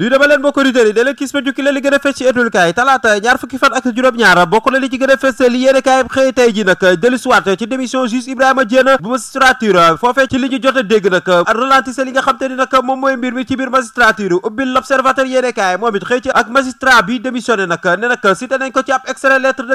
duy dema leen mbokk auditeurs yi da ma jukki leen li gën a fees ci ëtulkaay talaata ñaar fukki fan ak juróom-ñaar bokk na li ci gën a fees li yéene kaay xëy tey ji nag dellusiwaat ci démission juge Ibrahima Diène bu magistrature foofee ci li ñu jot a dégg nag ralentissé li nga xam ni nag moom mooy mbir mi ci biir magistrature ubbil l'observateur yéene moom it xëy ak magistrat bi démissionné nag ne nag cité nañ ko ci ab extrait lettre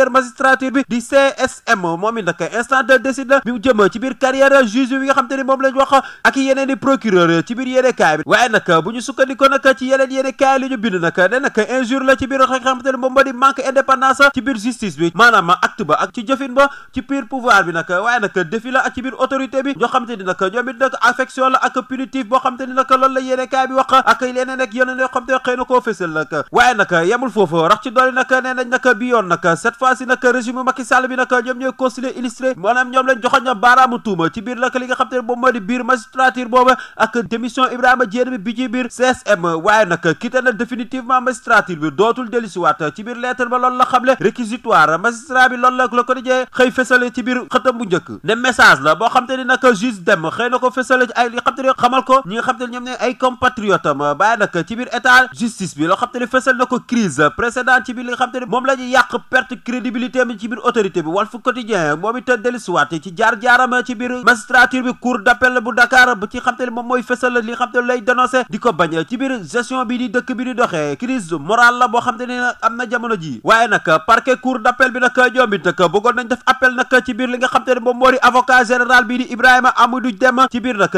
supérieur magistrature bi di CSM momi nak instant de décide bi mu jëm ci bir carrière juge bi nga xam tane mom lañ wax ak yeneen i procureur ci bir yene kaay bi waye nak buñu sukkandiko nak ci yeneen yene kaay li ñu bind nak ne nak un jour la ci bir nga xam tane mom moom di manque indépendance ci bir justice bi manam acte ba ak ci jëfin ba ci pire pouvoir bi nak waye nak défi la ak ci bir autorité bi ño xam tane nak nag ñoom it nag affection la ak punitif bo xam tane nak lool la yene kaay bi wax ak leneen nak yeneen xam tane xeyna ko fessel nak waye nak yamul fofu rax ci doli nak né nañ nag bi nak nag fois si nag régime Macky Sall bi nak ñom ñoy consulé illustré manam ñom lañ joxoñ baramu baaraamu tuuma ci bir nak li nga xamné bo modi bir magistrature bobu ak démission Ibrahima Diène bi bi ci bir CSM waye nak kité na définitivement magistrature bi dotul dootul wat ci bir lettre ba lool la xamle réquisitoire magistrat bi lool la ko ko djé xëy fessalé ci bir xëtam bu ñëk ne message la bo xamné te ni nag juge dem xëy nako fessalé fësale ay li xamné te xamal ko ñi xamné ñom te ne ay compatriote ma baye nak ci bir état justice bi lo xamné te ne fësal crise précédente ci bir li xamné xam te ne yàq perte crédibilité am ci biir autorité bi Walf Quotidien moom it dellusiwaat ci jaar-jaaram ci biir magistrature bi cour d'appel bu Dakar ci xam moom mooy fësal li xam lay dénoncé di ko bañ ci biir gestion bi di dëkk bi di doxee crise morale la boo xam am na jamono ji waaye nag parquet cour d'appel bi nag ñoom it nag bëggoon nañ def appel nag ci biir li nga xam moom moo di avocat général bi di Ibrahima Amadou Deme ci biir nag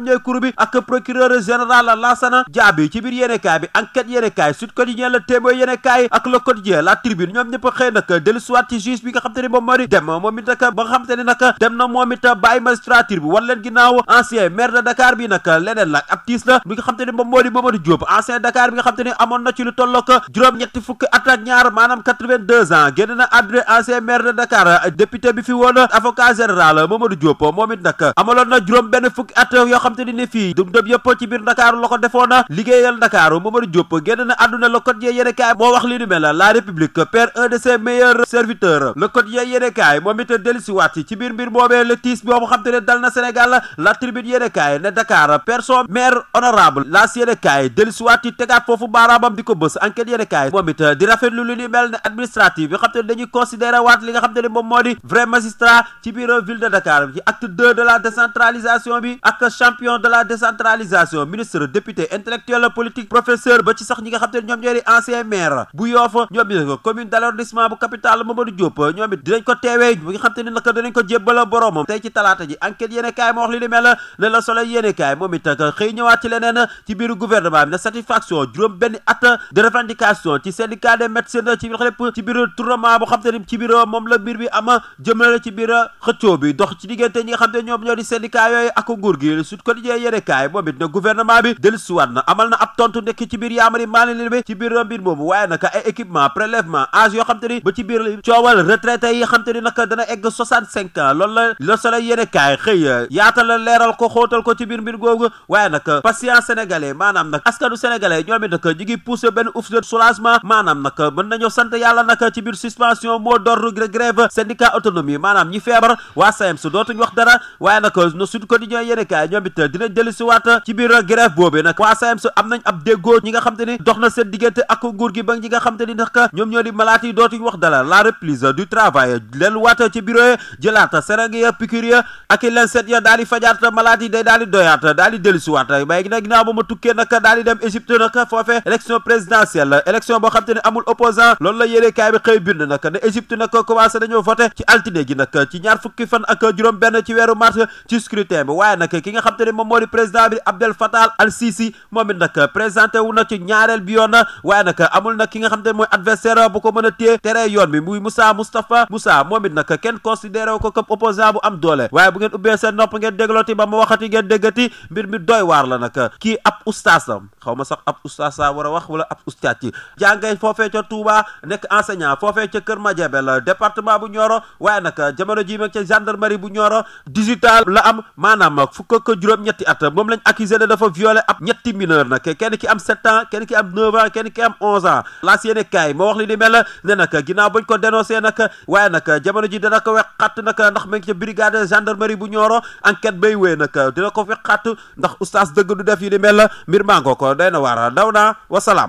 xam ñooy cour bi ak procureur général Lassana Diaby ci biir yéenekaay bi enquête yéenekaay Sud Quotidien la Témoin yéenekaay ak Le Quotidien la tribune ñoom ñëpp xëy nag dellusiwaat ci juge bi nga xam te ne dem moom it ba nga xam te ne dem na moom it magistrature bi wan leen ginnaaw ancien maire de Dakar bi nag leneen la ab tiis bi nga xam te ne di Mamadou Diop ancien Dakar bi nga xam te amoon na ci lu tollook juróom-ñetti xam te ni ne fii dum dëm ci biir ndakaaru la ko defoona liggéeyal ndakaaru Mamadou Diop génn na àdduna le quotidien moo wax li nu mel la république perd un de ses meilleurs serviteurs le quotidien yéene kaay moom it dellusiwaat ci biir mbir boobee le tiis boobu xam te dal na Sénégal la tribune yéene kaay ne Dakar perd maire honorable laas yéene kaay dellusiwaat ci tegaat foofu baaraamam di ko bës enquête yéene kaay moom it moo di vrai magistrat ci biir ville champion de la décentralisation ministre député intellectuel politique professeur ba ci sax ñi nga xam tane ñoom ñoo ancien maire bu Yoff ñoom it commune d'arrondissement bu capitale Mamadou Diop ñoom it dinañ ko téwé bu nga xam tane nak naka dinañ ko jébbala boroomam tay ci talata ji enquête yene kay mo wax li li mel le la solo yene kay moom it xëy ñëwaat ci leneen ci biiru gouvernement bi la satisfaction juroom benn at de revendication ci syndicat des médecins ci biir xëlépp ci biir tournement bu xam tane ci biir mom la mbir bi am jëmale ci biir xëccoo bi dox ci digënté ñi nga xam tane ñom ñoo di syndicat yooyu ak nguur gi quotidien yéene kaay moom it ne gouvernement bi dellusiwaat na amal na ab tontu nekk ci biir yaamari maanaam li ci biir mbir moomu waaye naka ay équipement prélèvement âge yoo xam te ni ba ci biir coowal retraité naka dana egg 65 ans loolu la Le Soleil yéene kaay xëy ko xóotal ko ci biir mbir googu naka patient sénégalais maanaam naka ñu ngi poussé benn ouf de soulagement maanaam naka mën no e Sud dina dellu si waat ci biir grève boobee nag waa SAEMS e am nañ ab déggoo ñi nga xam dox na seen diggante ak nguur gi ba ñi nga xam te ñoom ñoo di malaat yi dootuñ wax dala la reprise du travail dellu waat ci bureau jëlaata sereng ya piqûre ya ak lancet ya daal di fajaat malaat yi day daal di doyaat daal di dellu si waat waaye nag ba ma tukkee nag daal di dem Égypte nag foofee élection présidentielle élection boo xam ne moom moo di président bi Abdel Fattah Al Sisi moom it nag présenté wu na ci ñaareel bi yoon waaye nag amul nag ki nga xam te mooy adversaire bu ko mën a téye tere yoon bi muy Moussa Moustapha moom it nag kenn considéré ko comme opposant bu am doole waaye bu ngeen ubbee seen nopp ngeen déglooti ba ma waxati ngeen déggati mbir mi doy waar la nag kii ab oustaz xaw ma sax ab oustaz saa war a wax wala ab oustaz ci jàngay foofee ca Touba nekk enseignant foofee ca Kër Madiabel département bu Nioro waaye nag jamono ji mag ca gendarmerie bu Nioro digital la am juróom-ñetti at moom lañ accusé ne dafa violé ab ñetti mineur nag kenn ki am sept ans kenn ki am neuf am onze ans laas yéene wax li ni ne nag ginnaaw bañ ko dénoncé nag waaye nag jamono ji dina ko wexxat nag ndax ma ngi ca brigade gendarmerie bu Nioro enquête bay wéy nag dina ko wexxat ndax oustaz dëgg du def yi ni mel mbir maa ko day na waar daw naa wasalaam